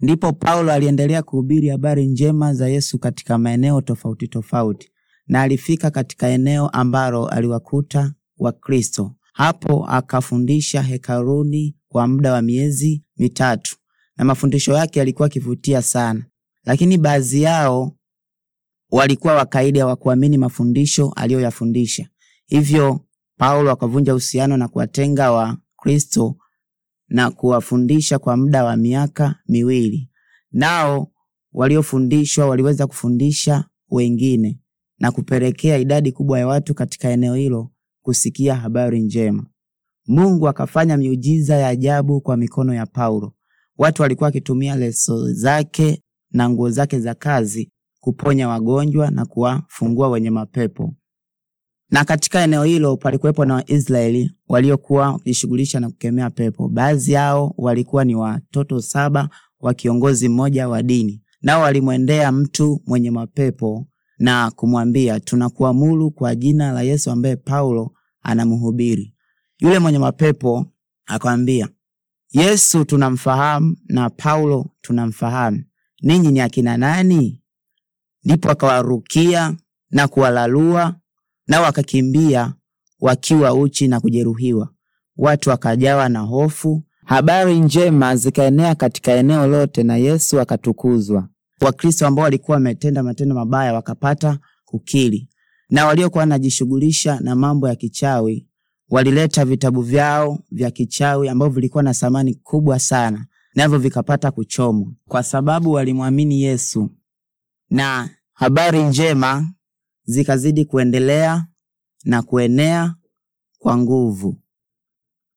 Ndipo Paulo aliendelea kuhubiri habari njema za Yesu katika maeneo tofauti tofauti, na alifika katika eneo ambalo aliwakuta Wakristo. Hapo akafundisha hekaruni kwa muda wa miezi mitatu, na mafundisho yake yalikuwa akivutia sana, lakini baadhi yao walikuwa wakaidi, hawakuamini mafundisho aliyoyafundisha. Hivyo Paulo akavunja uhusiano na kuwatenga Wakristo na kuwafundisha kwa muda wa miaka miwili. Nao waliofundishwa waliweza kufundisha wengine na kupelekea idadi kubwa ya watu katika eneo hilo kusikia habari njema. Mungu akafanya miujiza ya ajabu kwa mikono ya Paulo. Watu walikuwa wakitumia leso zake na nguo zake za kazi kuponya wagonjwa na kuwafungua wenye mapepo na katika eneo hilo palikuwepo na Waisraeli waliokuwa wakijishughulisha na kukemea pepo. Baadhi yao walikuwa ni watoto saba wa kiongozi mmoja wa dini, nao walimwendea mtu mwenye mapepo na kumwambia, tunakuamuru kwa jina la Yesu ambaye Paulo anamhubiri. Yule mwenye mapepo akamwambia, Yesu tunamfahamu na Paulo tunamfahamu, ninyi ni akina nani? Ndipo akawarukia na kuwalalua nao wakakimbia wakiwa uchi na kujeruhiwa. Watu wakajawa na hofu. Habari njema zikaenea katika eneo lote na Yesu akatukuzwa. Wakristo ambao walikuwa wametenda matendo mabaya wakapata kukiri, na waliokuwa wanajishughulisha na mambo ya kichawi walileta vitabu vyao vya kichawi ambavyo vilikuwa na thamani kubwa sana, navyo vikapata kuchomwa kwa sababu walimwamini Yesu. Na habari njema zikazidi kuendelea na kuenea kwa nguvu.